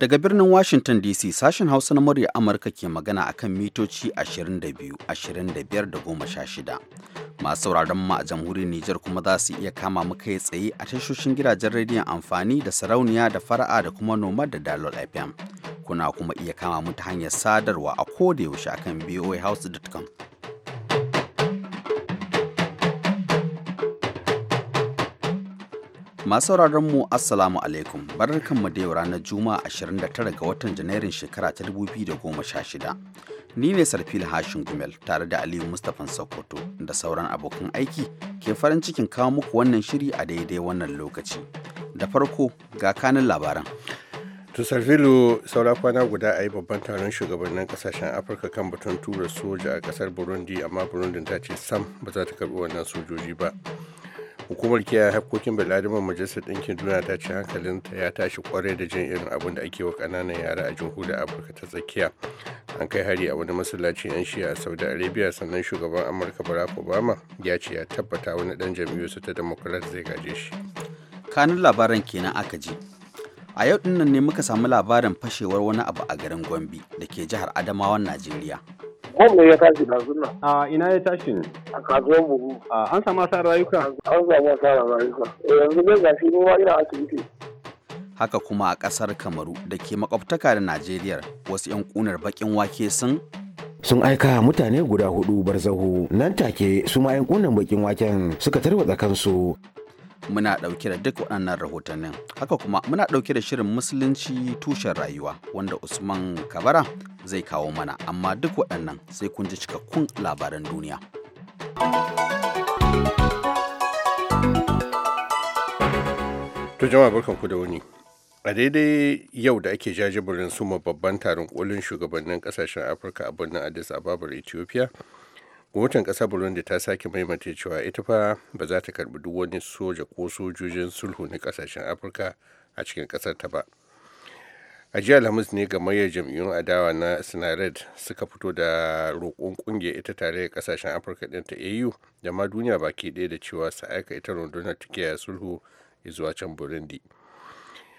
Daga birnin Washington DC sashen Hausa na murya Amurka ke magana akan mitoci 22, 25 da 16. Masu sauraron mu a jamhuriyar Nijar kuma za su iya kama mu kai tsaye a tashoshin gidajen rediyon amfani da sarauniya da fara'a da kuma noma da dalol FM. Kuna kuma iya kama mu ta hanyar sadarwa a kodayaushe akan boihouse.com. Masu mu Assalamu alaikum barkanmu da yau ranar Juma'a 29 ga watan Janairun shekara ta 2016. Ni ne Sarfil Hashin Gumel tare da Aliyu Mustapha Sokoto da sauran abokan aiki ke farin cikin kawo muku wannan shiri a daidai wannan lokaci. Da farko ga kanin labaran. to sarfilu saura kwana guda a yi babban taron shugabannin kasashen afirka kan batun tura soja a kasar burundi amma burundi ta ce sam ba za ta karɓi wannan sojoji ba hukumar kiyaye hakkokin bil'adama majalisar ɗinkin duniya ta ce hankalin ta ya tashi kwarai da jin irin abin da ake wa ƙananan yara a jamhuriyar afirka ta tsakiya an kai hari a wani masallacin 'yan shiya a saudi arabia sannan shugaban amurka barack obama ya ce ya tabbata wani ɗan su ta democrat zai gaje shi kanun labaran kenan aka ji a yau dinnan ne muka samu labarin fashewar wani abu a garin gombe da ke jihar adamawan najeriya Gombe ya tashi da sunna. A ina ya tashi ne? A kasuwar buhu. an samu asarar rayuka? An samu asarar rayuka. Eh, yanzu ne ga shi ruwa ina asibiti. Haka kuma a ƙasar Kamaru da ke makwabtaka da Najeriya wasu 'yan ƙunar baƙin wake sun sun aika mutane guda hudu barzahu nan take su ma 'yan kunan bakin waken suka tarwatsa kansu muna ɗauke da duk waɗannan rahotannin haka kuma muna ɗauke da shirin musulunci tushen rayuwa wanda usman kabara zai kawo mana amma duk waɗannan sai kun ji cikakkun labaran duniya to jama'a barkanku da wani a daidai yau da ake jajibirin suma babban taron kolin shugabannin kasashen afirka a birnin addis ababar ethiopia gwamnatin ƙasar burundi ta sake maimaita cewa ita fa ba za ta karbi duk wani soja ko sojojin sulhu na ƙasashen afirka a cikin ƙasar ta ba a jiya alhamis ne ga mayar jam'iyyun adawa na sinared suka fito da roƙon ƙungiyar ita tare da ƙasashen afirka ɗin ta au da ma duniya baki ɗaya da cewa su aika ita rundunar ta sulhu zuwa can burundi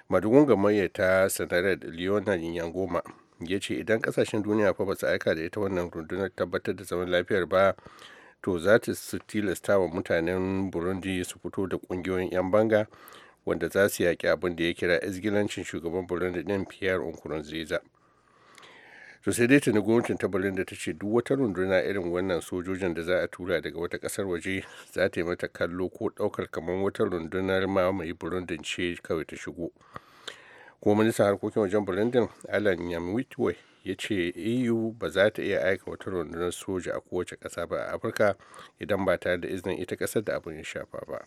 madugun mayar ta sinared leonard yangoma ya ce idan kasashen duniya fa ba su aika da ita wannan rundunar tabbatar da zaman lafiyar ba to za ta su tilasta wa mutanen burundi su fito da kungiyoyin 'yan banga wanda za su yaƙi abin da ya kira izgilancin shugaban burundi din pierre nkurunziza to sai dai tuni gwamnatin ta burundi ta ce duk wata runduna irin wannan sojojin da za a tura daga wata ƙasar waje za ta yi mata kallo ko ɗaukar kamar wata rundunar mamaye burundi ce kawai ta shigo kuma ministan harkokin wajen burundi alan yamwitwe ya ce eu ba za ta iya aika wata rundunar soja a kowace ƙasa ba a afirka idan ba tare da izinin ita ƙasar da abin ya shafa ba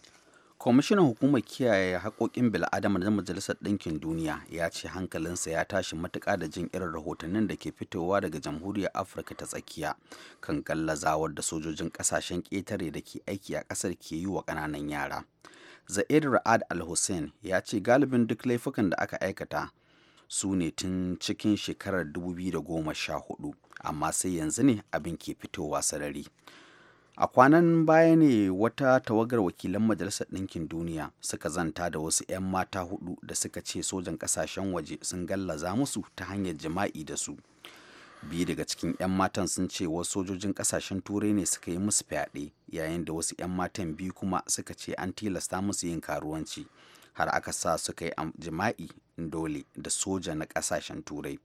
kwamishinan hukumar kiyaye haƙoƙin bil'adama na majalisar ɗinkin duniya ya ce hankalinsa ya tashi matuƙa da jin irin rahotannin da ke fitowa daga jamhuriyar afirka ta tsakiya kan gallazawar da sojojin ƙasashen ƙetare da ke aiki a ƙasar ke yi wa ƙananan yara Za'id Ra'ad Al-Hussein ya ce galibin duk laifukan da aka aikata su ne tun cikin shekarar 2014 amma sai yanzu ne abin ke fitowa sarari. A kwanan baya ne wata tawagar wakilan Majalisar Ɗinkin Duniya suka zanta da wasu 'yan mata hudu da suka ce sojan ƙasashen waje sun gallaza musu ta hanyar jima'i da su. biyu daga cikin 'yan matan sun ce wasu sojojin kasashen turai ne suka yi musu fyaɗe yayin da wasu 'yan matan biyu kuma suka ce an tilasta musu yin karuwanci har aka sa suka yi jima'i dole da soja na kasashen turai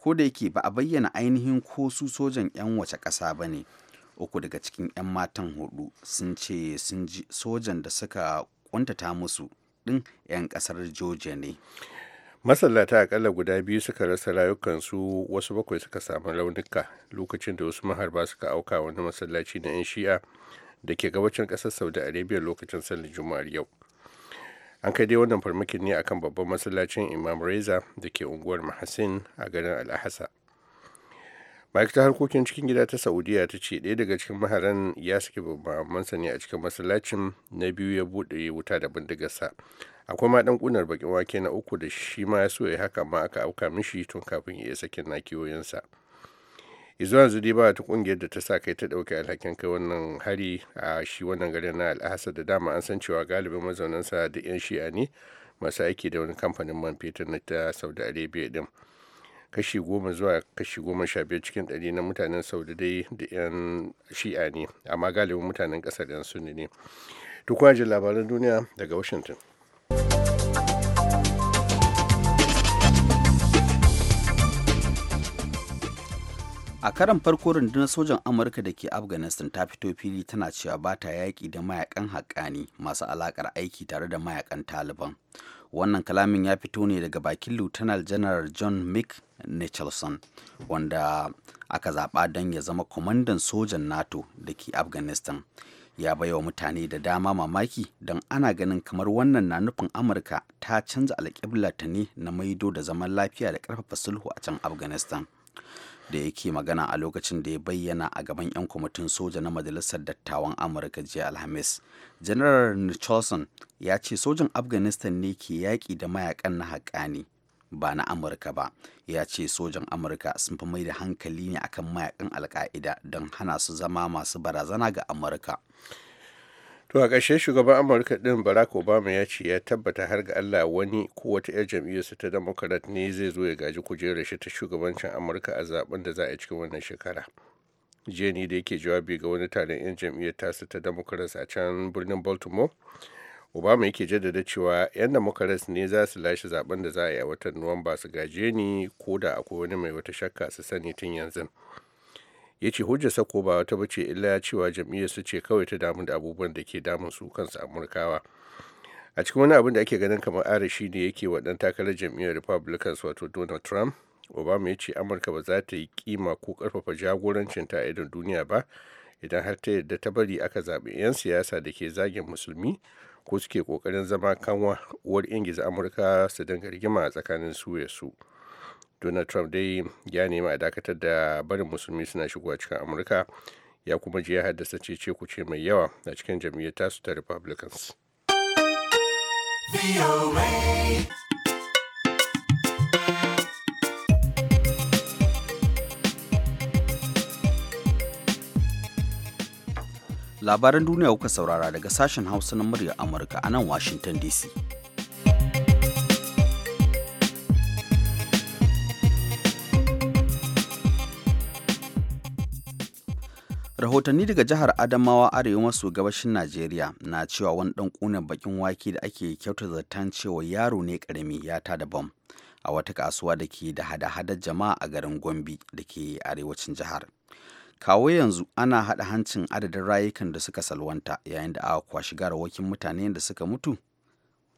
ko da yake ba a bayyana ainihin ko su sojan 'yan wace ƙasa ba ne uku daga cikin 'yan matan hudu sun ce sun ji sojan da suka kuntata musu ɗin 'yan ƙasar georgia ne masallata akalla guda biyu suka rasa rayukansu wasu bakwai suka samu raunuka lokacin da wasu maharba suka auka wani masallaci na 'yan shi'a da ke gabacin ƙasar saudi arabia lokacin sallar juma'ar yau an kai dai wannan farmakin ne akan babban masallacin imam reza da ke unguwar mahasin a garin al'ahasa ma'aikatar harkokin cikin gida ta saudiya ta ce ɗaya daga cikin maharan ya saki babban ne a cikin masallacin na biyu ya buɗe wuta da bindigarsa akwai ma dan kunar bakin wake na uku da shi ma ya so ya haka ma aka auka mishi tun kafin ya sakin nakiyoyinsa izuwa yanzu dai ba ta kungiyar da ta sa kai ta dauke alhakin kai wannan hari a shi wannan garin na al'asar da dama an san cewa galibin mazaunan sa da yan shi'a ne masu aiki da wani kamfanin man fetur na ta saudi arabia din kashi goma zuwa kashi goma sha biyar cikin ɗari na mutanen saudi dai da yan shi'a ne amma galibin mutanen kasar yan sunni ne duk labaran duniya daga washington a karan farko rundunar sojan amurka da ke afghanistan ta fito fili tana cewa ba ta yaƙi da mayakan haƙƙani masu alaƙar aiki tare da mayakan taliban wannan kalamin ya fito ne daga bakin lieutenant general john mick nicholson wanda aka zaɓa don ya zama kwamandan sojan nato da ke afghanistan ya bai wa mutane da dama mamaki don ana ganin kamar wannan na nufin amurka ta canza alƙibla ta ne na maido da zaman lafiya da ƙarfafa sulhu a can afghanistan da yake magana a lokacin da ya bayyana a gaban 'yan kwamitin soja na majalisar dattawan amurka jiya alhamis general nicholson ya ce sojan afghanistan ne ke yaƙi da mayakan na haƙani ba na amurka ba ya ce sojan amurka sun fi mai da hankali ne akan mayakan alka'ida don hana su zama masu barazana ga amurka to a ƙarshe shugaban amurka ɗin barack obama ya ce ya tabbata har ga allah wani ko wata 'yar jam'iyyarsa ta democrat ne zai zo ya gaji kujerar shi ta shugabancin amurka a zaben da za a yi cikin wannan shekara jeni da yake jawabi ga wani taron 'yan jam'iyyar tasu ta democrat a can birnin baltimore obama yake jaddada cewa 'yan democrats ne za su lashe zaben da za a yi a watan nuwamba su gaje ni ko da akwai wani mai wata shakka su sani tun yanzu ya ce hujjarsa sako ba wata bace illa cewa jam'iyyar su ce kawai ta damu da abubuwan da ke damun su kansu amurkawa a cikin wani abin da ake ganin kamar ara shi ne yake wa dan takarar jam'iyyar republicans wato donald trump obama ya ce amurka ba za ta yi kima ko karfafa jagorancin ta idan duniya ba idan har ta yadda ta bari aka zaɓi 'yan siyasa da ke zagin musulmi ko suke kokarin zama kanwa uwar ingiza amurka su dinga rigima a tsakanin su ya su donald trump dai ya nemi a dakatar da barin musulmi suna shigowa cikin amurka ya kuma je ya haddasa cece kuce mai yawa a cikin jam'iyyar tasu ta republicans labaran duniya kuka saurara daga sashen hausa na muryar amurka a nan washington dc rahotanni daga jihar adamawa arewa maso gabashin najeriya na cewa wani dan kunan bakin wake da ake kyauta zaton cewa yaro ne karami ya tada bom a wata kasuwa da ke da hada-hadar jama'a a garin gombe da ke arewacin jihar kawo yanzu ana haɗa hancin adadin rayukan da suka salwanta yayin da aka kwashi garawakin mutane da suka mutu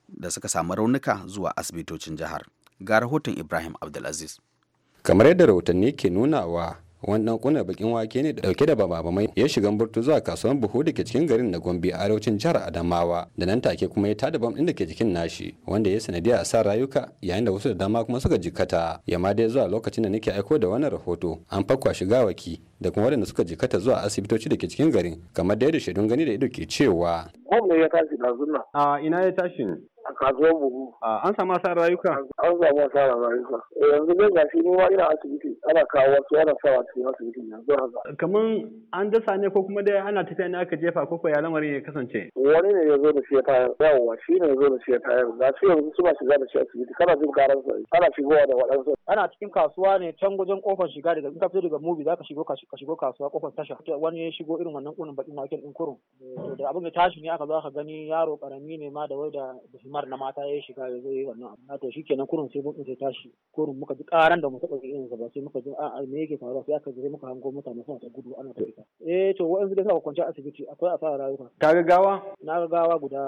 da suka samu raunuka zuwa asibitocin jihar ga rahoton ibrahim abdulaziz kamar yadda rahotanni ke nunawa wani dan kunar bakin wake ne da dauke da bababamai ya shiga burtu zuwa kasuwar buhu da ke cikin garin na gombe a arewacin jihar adamawa da nan take kuma ya tada bam din da ke jikin nashi wanda ya a sa rayuka yayin da wasu da dama kuma suka jikata yamma dai zuwa lokacin da nake aiko da wannan rahoto an fakwa shiga waki da kuma wadanda suka jikata zuwa asibitoci da ke cikin garin kamar da yadda shaidun gani da ido ke cewa. Bom ya tashi ɗazun nan. A ina ya tashi a kasuwar buhu. an samu asarar rayuka? An samu asarar rayuka. Eh, yanzu dai gashi ni ma ina asibiti ana kawo wasu ana sawa cikin asibiti yanzu haka. Kaman an dasa ne ko kuma dai ana tafiya ne aka jefa ko ya lamarin ya kasance? Wani ne ya zo da shi ya tayar yawwa shi ne ya zo da shi ya tayar ga shi yanzu suna shiga da shi asibiti kana jin karar sa ana shigowa da waɗansu. Ana cikin kasuwa ne can wajen kofar shiga daga in ka fito daga mubi za ka shigo ka shigo kasuwa kofar tasha wani ya shigo irin wannan kunin bakin makin ɗin kurun. Eh, da abin da tashi ne aka zo aka gani yaro karami ne ma da wai da da kamar na mata ya shiga ya zo yi wannan abu to kenan kurun sai mun sai tashi kurun muka ji karan da mu taɓa irin sa ba sai muka ji a me yake faruwa sai aka je muka hango mutane suna ta gudu ana ta fita eh to wa'ansu da suka kwanci asibiti akwai asara rayuka ka ga gawa na ga gawa guda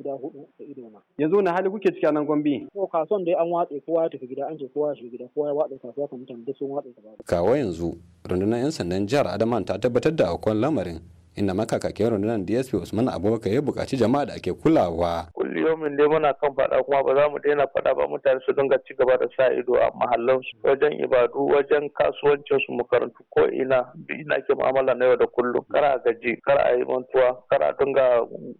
guda hudu da ido na yanzu na hali kuke ciki a nan gombe to kason dai an watse kowa ya tafi gida an ce kowa ya shiga gida kowa ya watse kasuwa da mutane duk sun watse ka wa yanzu rundunar 'yan sandan jihar adaman ta tabbatar da akwai lamarin inda makakakin rundunar dsp usman abubakar ya bukaci jama'a da ake kulawa kulliyomin dai muna kan fada kuma ba za mu daina faɗa ba mutane su dinga ci gaba da sa ido a mahallansu wajen ibadu wajen kasuwancin su makarantu ko ina duk ina ke mu'amala na yau da kullum kara gaji kara a yi mantuwa kar dinga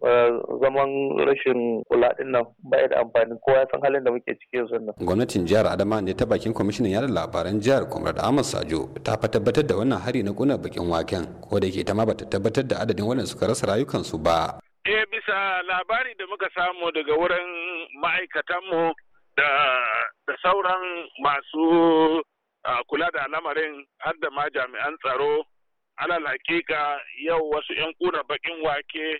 eh, zaman rashin kula din nan bai da amfani kowa ya san halin da muke ciki yanzu nan gwamnatin jihar adama ne ta bakin kwamishinan yada labaran jihar comrade ahmad sajo ta fa tabbatar da wannan hari na kuna bakin waken ko da yake ta ma bata tabbatar tabbatar da adadin wannan suka rasa rayukansu ba. Eh bisa labari da muka samu daga wurin ma'aikatanmu da, da sauran masu kula da lamarin har da ma jami'an tsaro alal hakika yau wasu 'yan kura bakin wake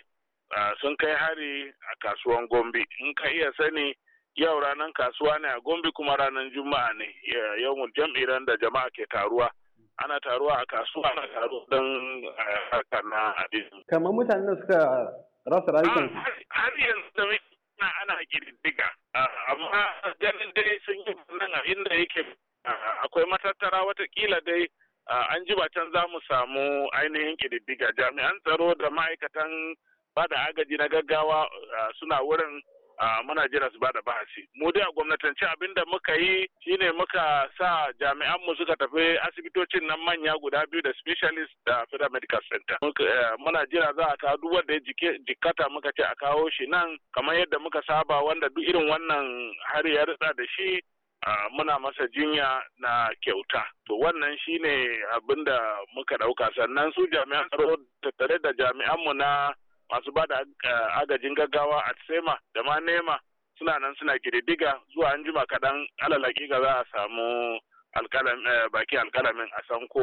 sun kai hari a kasuwan gombe in ka iya sani yau ranar kasuwa ne a gombe kuma ranar juma'a ne yau jam'iran da jama'a ke taruwa ana taruwa a kasuwa ana taruwa don eh, harkar na abin. Kamar mutanen suka rasa rayuwa. Ah, har yanzu da na ana girgiga. Ah, amma ganin dai sun yi nan a inda yake ah, akwai matattara watakila dai an ji can za mu samu ainihin ƙiriddiga jami'an tsaro da ma'aikatan ba da agaji na gaggawa suna wurin muna jira su bada bahasi mu dai a gwamnatance abin da muka yi shine muka sa jami'anmu mu suka tafi asibitocin nan manya guda biyu da specialist da federal medical center eh, muna jira za a kawo duk wanda ya jikata muka ce a kawo shi nan kamar yadda muka saba wanda duk irin wannan har ya ritsa da shi muna masa jinya na kyauta to wannan shine abin da muka ɗauka sannan su jami'an tsaro tattare da jami'anmu na masu ba da eh, agajin gaggawa a sema da ma nema suna nan suna kididdiga zuwa an jima kaɗan alalaki ga za a samu eh, baki alkalamin a san ko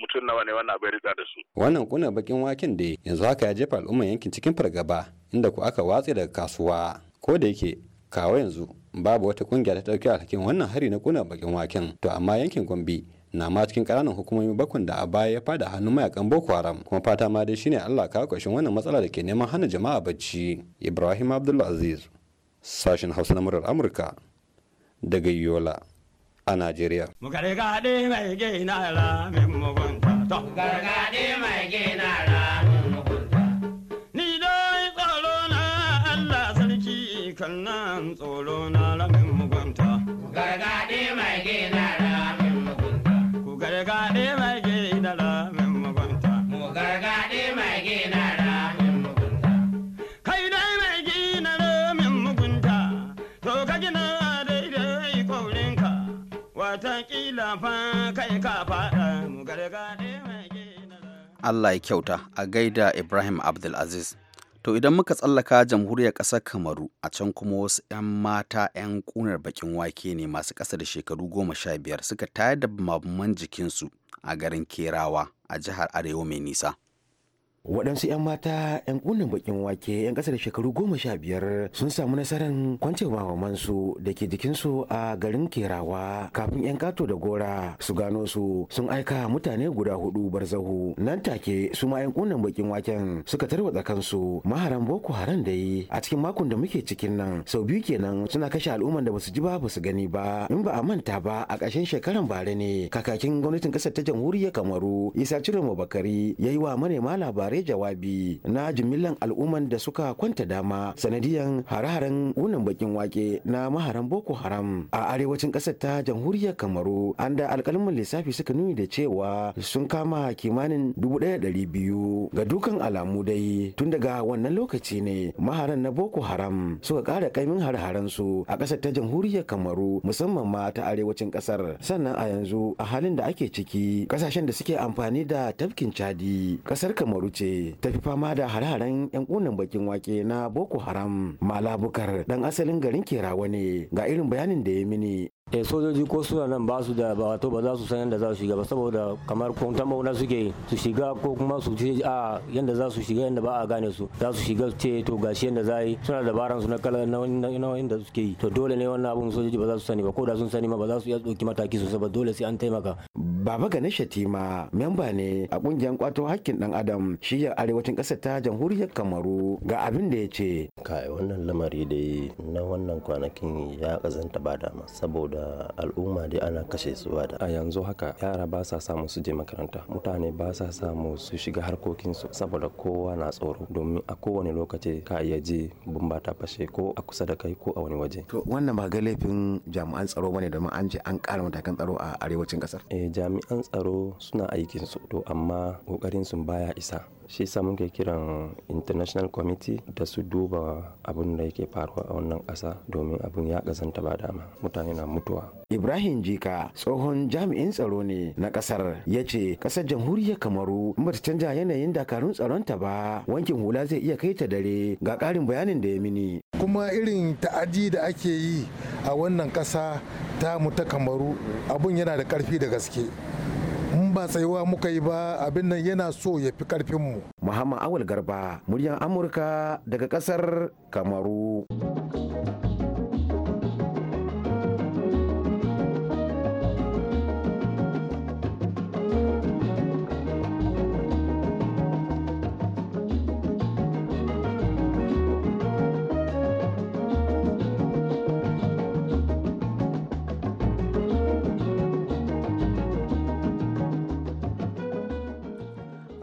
mutum nawa ne wannan bai rika da su. Wannan kuna bakin waken da yanzu haka ya jefa al'ummar yankin cikin fargaba inda ku aka watse daga kasuwa ko da yake kawo yanzu babu wata kungiya ta ɗauki alhakin wannan hari na kuna bakin waken to amma yankin Gombe na ma cikin ƙananan hukumomi bakun da a baya ya fada hannun mayakan boko haram kuma fata ma dai shine allah ka kwashin wannan matsala da ke neman hana jama'a bacci ibrahim Aziz sashen hausa na murar amurka daga yola a najeriya Ni tsoro na Allah sarki kan nan tsoro na lamin mugunta. Gargaɗe mai gina Allah ya kyauta a gaida Ibrahim Abdulaziz. To idan muka tsallaka jamhuriyar ƙasar Kamaru a can kuma wasu 'yan mata 'yan ƙunar bakin wake ne masu ƙasa da shekaru goma sha biyar suka tayar da mabman jikinsu a garin Kerawa a jihar Arewa mai nisa. waɗansu 'yan mata 'yan kunnen bakin wake 'yan ƙasa da shekaru goma sha biyar sun samu nasarar kwance mamansu da ke jikinsu a garin kerawa kafin 'yan kato da gora su gano su sun aika mutane guda hudu barzahu nan take su ma 'yan kunnen bakin waken suka tarwatsa kansu maharan boko haram da yi a cikin makon da muke cikin nan sau biyu kenan suna kashe al'umman da basu ji ba basu gani ba in ba a manta ba a ƙarshen shekaran bare ne kakakin gwamnatin ƙasar ta jamhuriyar kamaru isa cire mabakari ya yi wa manema labarai saurari jawabi na jimillan al'umman da suka kwanta dama sanadiyan hare-haren wunan bakin wake na maharan Boko Haram a arewacin ƙasar ta jamhuriyar Kamaru an da alkalmin lissafi suka nuni da cewa sun kama kimanin dubu biyu. ga dukan alamu dai tun daga wannan lokaci ne maharan na Boko Haram suka kara kaimin harharansu. su a ƙasar ta jamhuriyar Kamaru musamman ma ta arewacin ƙasar sannan a yanzu a halin da ake ciki Kasashen da suke amfani da tafkin Chadi ƙasar Kamaru ce ce tafi fama da hare-haren 'yan kunan bakin wake na Boko Haram. Malabukar dan asalin garin Kerawa ne ga irin bayanin da ya mini. e sojoji ko suna nan ba su da wato ba za su san yadda za su shiga ba saboda kamar ta mauna suke su shiga ko kuma su ce a yadda za su shiga yadda ba a gane su za su shiga ce to gashi yadda za yi suna dabaran su na kala na da suke yi to dole ne wannan abun sojoji ba za su sani ba ko da sun sani ma ba za su iya tsoki mataki sosai ba dole sai an taimaka Baba Ganesha Shatima memba ne a kungiyar kwato hakkin dan adam shiyar arewacin ƙasar ta jamhuriyar Kamaru ga abin da ya ce. Kai wannan lamari dai na wannan kwanakin ya kazanta ba dama saboda al'umma dai ana kashe su da. A yanzu haka yara ba sa samu su je makaranta mutane ba sa samu su shiga harkokin su, saboda kowa na tsoro domin a kowane lokaci ka iya je bumba ta fashe ko a kusa da kai ko a wani waje. To wannan ba ga laifin jami'an tsaro bane domin an ce an ƙara matakan tsaro a arewacin kasar Eh jami'an tsaro suna aikin su to amma kokarin sun baya isa shi sa muke kiran international committee da su duba abin da yake faruwa a wannan ƙasa domin abin ya ƙazanta ba dama mutane na mutuwa ibrahim jika tsohon jami'in tsaro ne na ƙasar ya ce ƙasar jamhuriyar kamaru ba ta canja yanayin dakarun ta ba wankin hula zai iya kai ta dare ga ƙarin bayanin da ya mini kuma irin ta'aji da ake yi a wannan ƙasa ta mu ta kamaru abun yana da ƙarfi da gaske ba tsayuwa muka yi ba abin nan yana so ya fi karfinmu. Muhammad Awul Garba, muryar Amurka daga ƙasar Kamaru.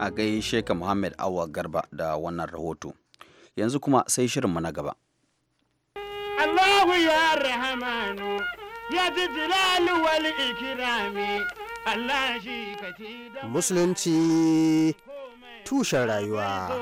a gaishe ka Muhammad Awa Garba da wannan rahoto. Yanzu kuma sai shirinmu na gaba. Allahu ya rahamanu ya ji jilalu wal ikirami Allah shi ka da Musulunci tushen rayuwa.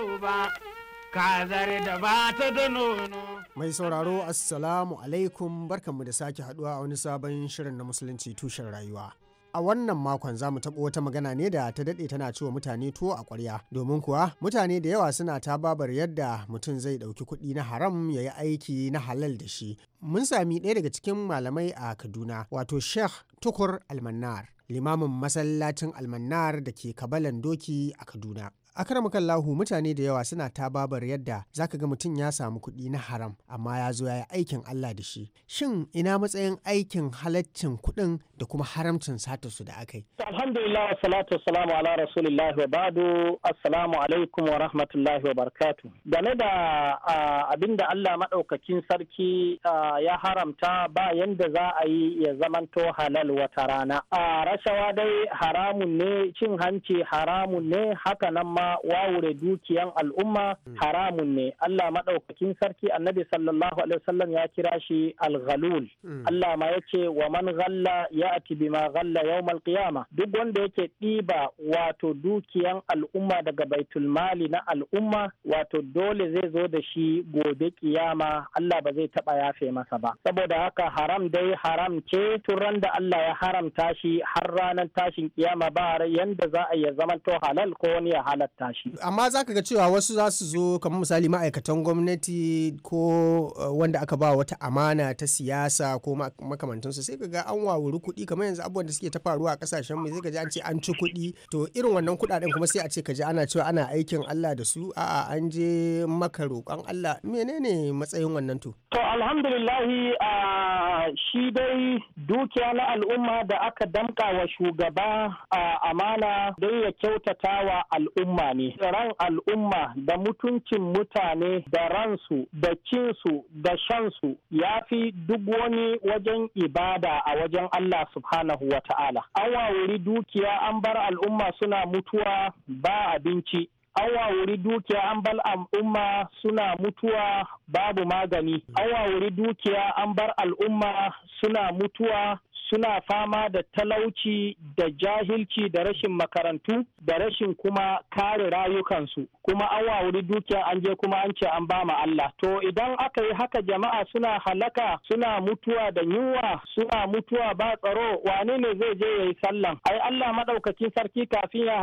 Kazar da ba da nono. Mai sauraro Assalamu alaikum barkanmu da sake haduwa a wani sabon shirin na Musulunci tushen rayuwa. A wannan makon za mu taɓo wata magana ne da ta daɗe tana cewa mutane tuwo a ƙwarya. Domin kuwa mutane da yawa suna ta babar yadda mutum zai ɗauki kuɗi na haram ya yi aiki na halal da shi. Mun sami ɗaya daga cikin malamai a Kaduna wato Sheikh Tukur Almannar. limamin masallacin almannar da ke kabalan doki a kaduna a Lahu mutane da yawa suna ta babar yadda zaka ga mutum ya samu kuɗi na haram amma ya zo ya yi aikin Allah da shi shin ina matsayin aikin halaccin kuɗin da kuma haramcin sata su da aka yi alhamdulillah salatu wassalamu ala rasulillah wa ba'du assalamu alaikum wa rahmatullahi wa barakatu game da abin da Allah madaukakin sarki ya haramta ba yanda za a yi ya zamanto halal wata rana rashawa dai haramun ne cin hanci haramun ne haka nan kuma wawure dukiyan al'umma hmm. haramun ne Allah maɗaukakin sarki annabi sallallahu alaihi wasallam ya kira shi alghalul hmm. Allah ma yace wa man ghalla ya'ti bima ghalla yawmal qiyama duk wanda yake ɗiba wato dukiyan al'umma daga baitul mali na al'umma wato dole zai zo da shi gobe kiyama Allah ba zai taba yafe masa ba saboda haka haram dai haram ce turan da Allah ya haramta shi har ranar tashin kiyama ba yanda za a ya zamanto halal ko wani ya halal tashi Amma za ka ga cewa wasu za su zo kamar misali ma'aikatan gwamnati ko eh, wanda aka ba wata amana ta siyasa ko makamantansu sai ka ga an wawuri kuɗi kamar yanzu abubuwan da suke ta faruwa a ƙasashen mu sai ka ji an ce an ci kuɗi to irin wannan kuɗaɗen kuma sai a ce ka ji ana cewa ana aikin Allah da su a'a an je maka roƙon Allah menene matsayin wannan to. To alhamdulillahi ah, shi dai dukiya na al'umma da aka damƙa wa shugaba a ah, amana don ya kyautata wa al'umma al'umma ne da ran al'umma da mutuncin mutane da ransu da cinsu da shansu ya fi duk wani wajen ibada a wajen Allah subhanahu wa ta'ala an wawuri dukiya an bar al'umma suna mutuwa ba abinci an wawuri dukiya an bar al'umma suna mutuwa babu magani an wawuri dukiya an bar al'umma suna mutuwa suna fama da talauci da jahilci da rashin makarantu da rashin kuma kare rayukansu kuma an wuri dukiya an je kuma an ce an ba ma Allah to idan aka yi haka jama'a suna halaka suna mutuwa da yunwa suna mutuwa ba tsaro wane ne zai je ya yayi sallan ai Allah madaukakin sarki kafin ya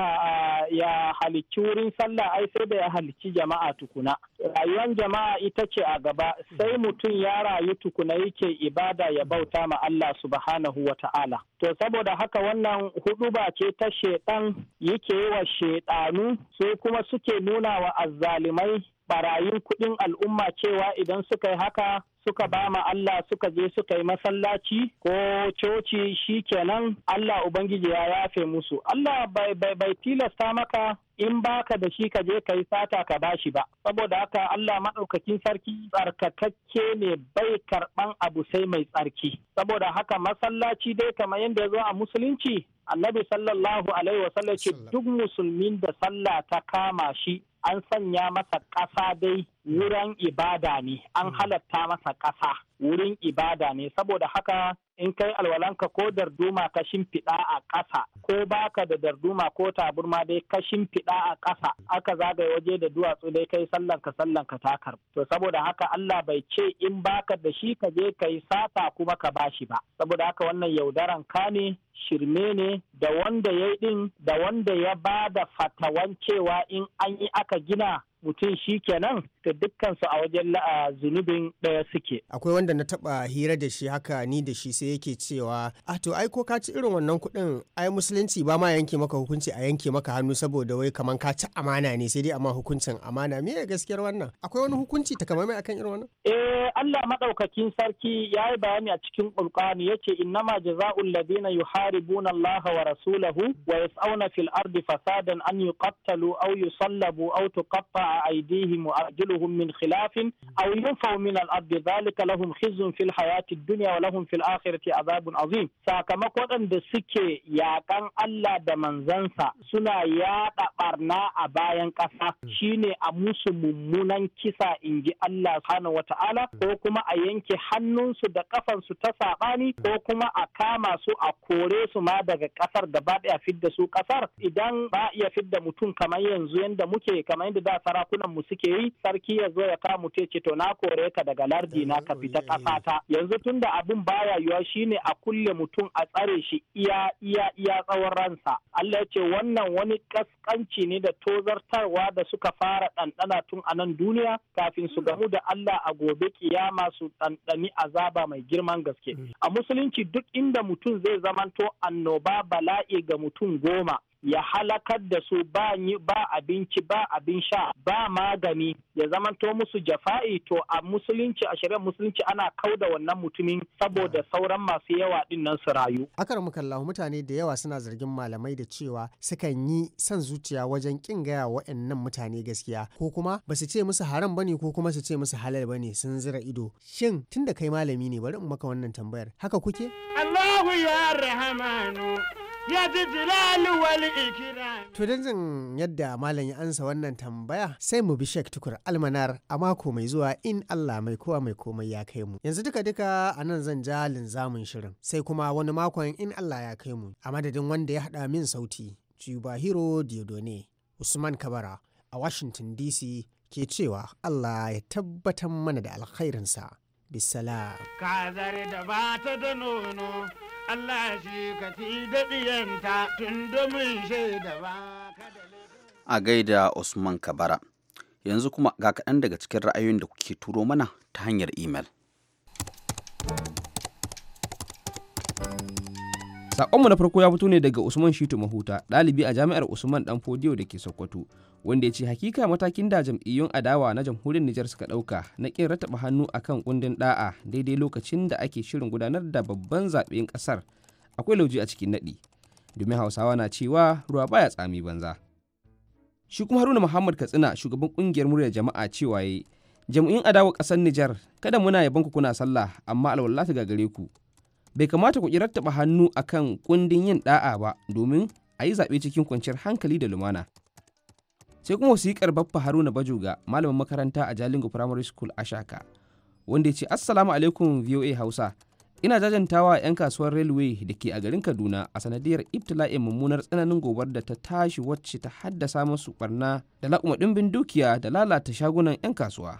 ya halicci wurin sallah ai sai da ya halicci jama'a tukuna rayuwar jama'a ita ce a gaba sai mutum ya rayu tukuna yake ibada ya bauta ma Allah subhanahu subhanahu wa ta'ala. To saboda haka wannan huduba ce ta shedan yake yi wa shedanu sai kuma suke nuna wa azzalimai barayin kudin al'umma cewa idan suka yi haka suka ba ma Allah suka je suka yi masallaci ko coci shi kenan Allah Ubangiji ya yafe musu. Allah bai bai bai tilasta maka in baka da shi ka je ka yi sata ka bashi ba saboda haka Allah maɗaukakin sarki tsarkakakke ne bai karɓan abu sai mai tsarki saboda haka masallaci dai kamar yadda ya zo a musulunci annabi sallallahu alaihi wasallam ce duk musulmin da sallah ta kama shi an sanya masa ƙasa dai wurin ibada ne an mm. halatta masa ƙasa wurin ibada ne saboda haka in kai alwalanka ko darduma ka shimfiɗa a ƙasa ko baka da darduma ko taburma dai ka shimfiɗa a ƙasa aka zagaye waje da duwatsu dai kai sallan ka sallan ka takar to saboda haka Allah bai ce in baka da shi ka je ka yi sata kuma ka bashi ba saboda haka wannan yaudaran ka ne shirme ne da wanda ya yi din, da wanda ya ba da fatawan cewa in an yi aka gina mutum shi kenan da dukkansu a wajen la'a zunubin ɗaya suke. Akwai wanda na taba hira da shi haka ni da shi sai yake cewa a ah, to ai ko ka ci irin wannan kuɗin ai musulunci ba ma yanke maka hukunci a yanke maka hannu saboda wai kaman ka ci amana ne sai dai amma hukuncin amana me gaskiyar wannan akwai wani hukunci mai akan irin wannan. Eh Allah madaukakin sarki ya yi bayani a cikin Qur'ani yace ma jaza'ul ladina yuharibuna Allah wa rasulahu wa yas'auna fil ardi fasadan an yuqattalu aw yusallabu aw tuqatta قطع أيديهم وأرجلهم من خلاف أو ينفوا من الأرض ذلك لهم خزي في الحياة الدنيا ولهم في الآخرة عذاب عظيم sakamakon waɗanda suke yaƙan Allah da manzansa suna yaɗa ɓarna a bayan ƙasa shine a musu mummunan kisa in ji Allah subhanahu wa ta'ala ko kuma a yanke hannunsu da ƙafansu ta saɓani ko kuma a kama su a kore su ma daga ƙasar gaba ɗaya fidda su ƙasar idan ba iya fidda mutum kamar yanzu yadda muke kamar yadda da sarakunan mu suke yi sarki ya zo ya kamu ta ce to na kore ka daga lardi na ka fita kafata yanzu tunda abin baya yiwa shine a kulle mutum a tsare shi iya iya iya tsawon ransa Allah ya ce wannan wani kaskanci ne da tozartarwa da suka fara ɗanɗana tun a nan duniya kafin su gamu da Allah a gobe kiyama su ɗanɗani azaba mai girman gaske a musulunci duk inda mutum zai zamanto annoba bala'i ga mutum goma ya halakar da su ba abinci ba abin sha ba magani ya zamanto musu jafa'i to a musulunci a shari'ar musulunci ana kau da wannan mutumin saboda sauran masu yawa din nan su rayu akar mukallahu mutane da yawa suna zargin malamai da cewa sukan yi son zuciya wajen kin gaya waɗannan mutane gaskiya ko kuma ba su ce musu haram bane ko kuma su ce musu halal bane sun zira ido shin tunda kai malami ne bari in maka wannan tambayar haka kuke Allahu ya rahamanu ya ji jilali wani To zan yadda malam ya ansa wannan tambaya sai mu bi shek tukur almanar a mako mai zuwa in Allah mai kowa mai komai ya kai mu. Yanzu duka duka a nan zan ja linzamin shirin sai kuma wani makon in Allah ya kai mu a madadin wanda ya haɗa min sauti. Cibahiro Diodone Usman Kabara a Washington DC ke cewa Allah ya tabbatar mana da alkhairinsa. Bisala. Kazar da ba da nono Allah shi ka fi daɗiyanta tun domin shaida ba A gaida Usman Kabara, yanzu kuma ga kaɗan daga cikin ra'ayoyin da kuke turo mana ta hanyar imel. Sakonmu na farko ya fito ne daga Usman Shitu Mahuta, ɗalibi a jami'ar Usman Dan Fodiyo da ke Sokoto, wanda ya ce hakika matakin da jam'iyyun adawa na jamhuriyar Nijar suka ɗauka na ƙin rataɓa hannu a kan kundin ɗa'a daidai lokacin da ake shirin gudanar da babban zaɓen ƙasar. Akwai lauje a cikin naɗi. Domin Hausawa na cewa ruwa baya tsami banza. Shi kuma Haruna Muhammad Katsina shugaban ƙungiyar muryar jama'a cewa yayi jam'iyyun adawa ƙasar Nijar kada muna yabanku kuna sallah amma alwala ta gagare ku bai kamata ku taba hannu akan kundin yin da'a ba domin a yi zaɓe cikin kwanciyar hankali da lumana sai kuma wasiƙar baffa haruna bajoga malamin makaranta a jalingo primary school a Shaka. wanda ya ce assalamu alaikum voa hausa ina jajantawa 'yan kasuwar railway da ke a garin kaduna a sanadiyar ibtila'in mummunar tsananin gobar da ta tashi wacce ta haddasa masu barna da laƙuma dimbin dukiya da lalata shagunan 'yan kasuwa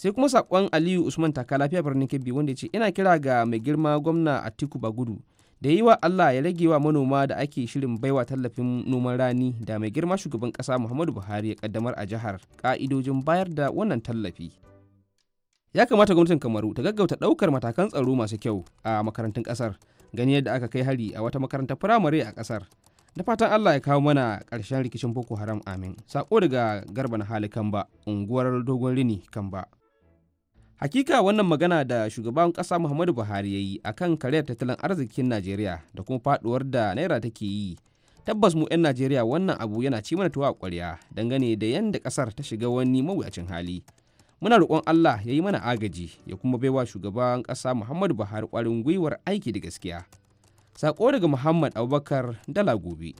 sai kuma sakon aliyu usman taka lafiya birnin kebbi wanda ya ce ina kira ga mai girma gwamna a atiku gudu da yi wa allah ya rage wa manoma da ake shirin baiwa tallafin noman rani da mai girma shugaban kasa muhammadu buhari ya kaddamar a jihar ka'idojin bayar da wannan tallafi ya kamata gwamnatin kamaru ta gaggauta daukar matakan tsaro masu kyau a makarantun kasar gani yadda aka kai hari a wata makarantar firamare a kasar da fatan Allah ya kawo mana karshen rikicin Boko Haram amin. Sako daga garba na hali Kamba, unguwar Dogon Rini Kamba. hakika wannan magana da shugaban kasa muhammadu buhari ya yi a kan karyar tattalin arzikin najeriya da kuma faduwar da naira take yi tabbas mu 'yan najeriya wannan abu yana ci mana tuwa kwarya dangane da yadda kasar ta shiga wani mawuyacin hali muna roƙon allah ya yi mana agaji ya kuma baiwa shugaban kasa muhammadu buhari kwarin gwiwar aiki da gaskiya sako daga muhammad abubakar dala gobe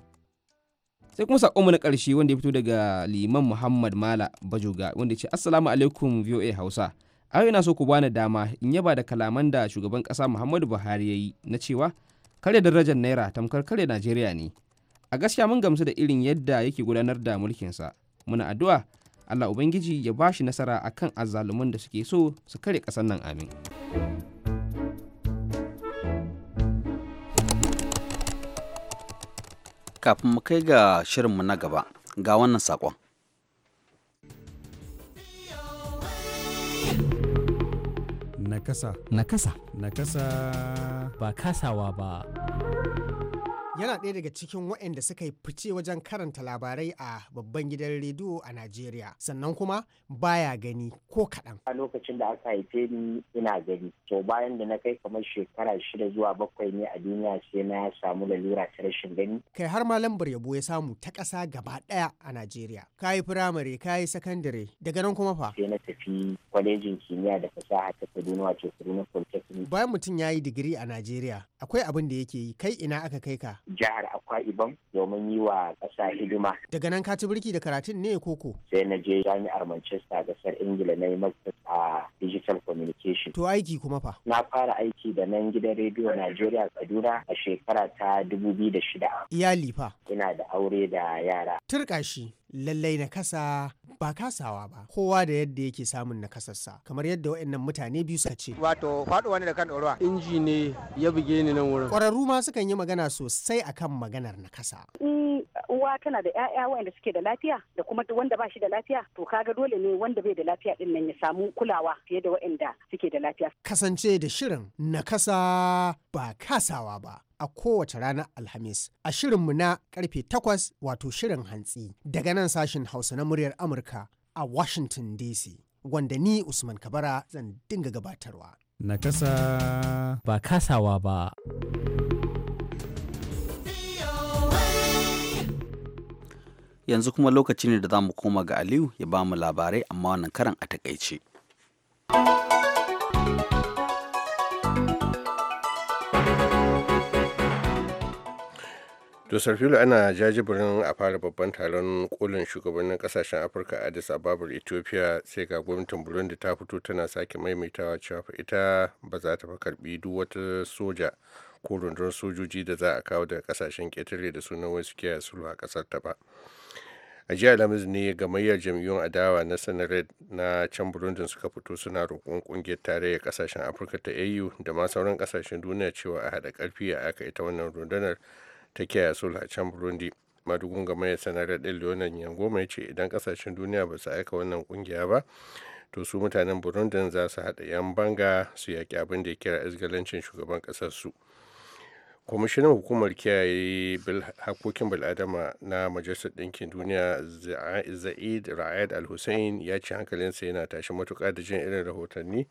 sai kuma mu na karshe wanda ya fito daga liman muhammad mala bajoga wanda ya ce assalamu alaikum voa hausa har ina so ku bani dama in yaba da kalaman da shugaban kasa muhammadu buhari ya yi na cewa kare darajar naira tamkar kare najeriya ne a gaskiya mun gamsu da irin yadda yake gudanar da mulkin mulkinsa muna addu'a allah ubangiji ya bashi shi nasara akan azzalumin da suke so su kare ƙasar nan amin kafin mu kai ga shirinmu na gaba ga wannan sakon. Nakasa. Nakasa. Nakasa. Ba kasawa ba. yana ɗaya daga cikin waɗanda suka yi fice wajen karanta labarai a babban gidan rediyo a Najeriya sannan kuma baya gani ko kaɗan. A lokacin da aka haife ni ina gani to bayan da na kai kamar shekara shida zuwa bakwai ne a duniya sai na samu lalura ta rashin gani. Kai har ma lambar yabo ya samu ta ƙasa gaba ɗaya a Najeriya. Ka yi firamare ka yi sakandare daga nan kuma fa. Sai na tafi kwalejin kimiyya da fasaha ta Kaduna wato Kaduna Polytechnic. Bayan mutum ya yi digiri a Najeriya akwai abin da yake yi kai ina aka kai ka jihar akwa ibom domin yi wa ƙasa hidima daga nan ka ci birki da karatun ne koko sai na je jami'ar manchester gasar ingila na yi a digital communication to aiki kuma fa na fara aiki da nan gidan rediyo najeriya kaduna a shekara ta dubu biyu da shida. iyali fa ina da aure da yara turka lallai na kasa ba kasawa ba kowa da yadda yake samun na kasarsa kamar yadda waɗannan mutane biyu suka ce wato faɗuwa ne da kan ɗorawa inji ne ya buge ni nan wurin ƙwararru ma sukan yi magana sosai akan maganar na kasa uwa tana da 'ya'ya waɗanda suke da lafiya da kuma wanda ba shi da lafiya to kaga dole ne wanda bai da lafiya din nan ya samu kulawa fiye da waɗanda suke da lafiya kasance da shirin na kasa ba kasawa ba a kowace ranar Alhamis a shirinmu na karfe takwas wato shirin hantsi daga nan sashin Hausa na muryar Amurka a Washington DC wanda ni Usman Kabara zan dinga gabatarwa. Nakasa ba kasawa ba. Yanzu kuma lokaci ne da za mu koma ga Aliyu ya ba mu labarai amma wannan karan a takaice. dosar filo ana jajibirin a fara babban taron kolin shugabannin kasashen afirka addis babur ethiopia sai ga gwamnatin burundi ta fito tana sake maimaitawa cewa ita ba za ta fi karbi duk wata soja ko rundunar sojoji da za a kawo daga kasashen ketare da sunan wasu kiyaye sulhu a kasar ta ba a jiya alhamis ne gamayyar jam'iyyun adawa na sanarai na can burundi suka fito suna roƙon ƙungiyar tarayyar kasashen afirka ta au da ma sauran kasashen duniya cewa a haɗa ƙarfi a aka ita wannan rundunar ta kiyaye sulh a can burundi madugun game da sanar da leonard yangoma ya ce idan kasashen duniya ba su aika wannan kungiya ba to su mutanen burundi za su haɗa 'yan banga su yaƙi abin da ya kira izgalancin shugaban ƙasar su kwamishinan hukumar kiyaye hakokin bil'adama na majalisar ɗinkin duniya za'id ra'ad al-hussein ya ce hankalinsa yana tashi matuƙa da jin irin rahotanni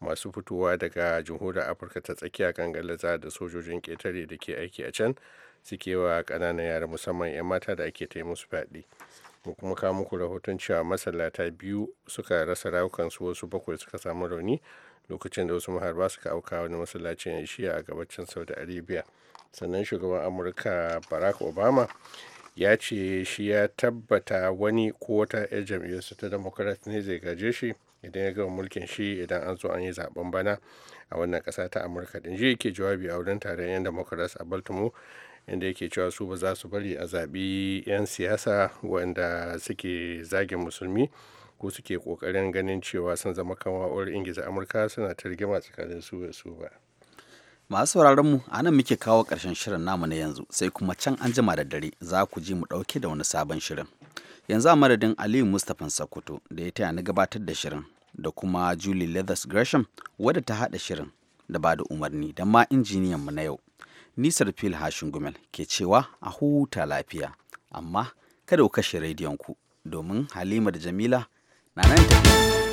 masu fitowa daga jamhuriyar afirka ta tsakiya kan galaza da sojojin ƙetare da ke aiki a can suke wa kananan yara musamman 'yan mata da ake taimu musu fyaɗe mu kuma kawo muku rahoton cewa masallata biyu suka rasa rayukansu wasu bakwai suka samu rauni lokacin da wasu maharba suka auka wani masallacin ishiya a gabacin saudi arabia sannan shugaban amurka barack obama ya ce shi ya tabbata wani ko wata 'yar jam'iyyarsa ta democrat ne zai gaje shi idan ya gama mulkin shi idan an zo an yi zaben bana a wannan kasa ta amurka din ji yake jawabi a wurin taron 'yan democrats a baltimore inda yake cewa su ba za su bari a zaɓi 'yan siyasa wanda suke zagin musulmi ko suke kokarin ganin cewa sun zama kamar ingiza amurka suna ta rigima tsakanin su da su ba masu sauraron mu a nan muke kawo ƙarshen shirin namu na yanzu sai kuma can an jima da dare za ku ji mu ɗauke da wani sabon shirin yanzu a madadin aliyu mustapha sakoto da ya taya na gabatar da shirin da kuma julie leathers gresham wadda ta haɗa shirin da ba da umarni da ma injiniyan mu na yau Nisar fil hashin gumel ke cewa a huta lafiya, amma kada ku kashe rediyonku domin Halima da Jamila na nan tafiya.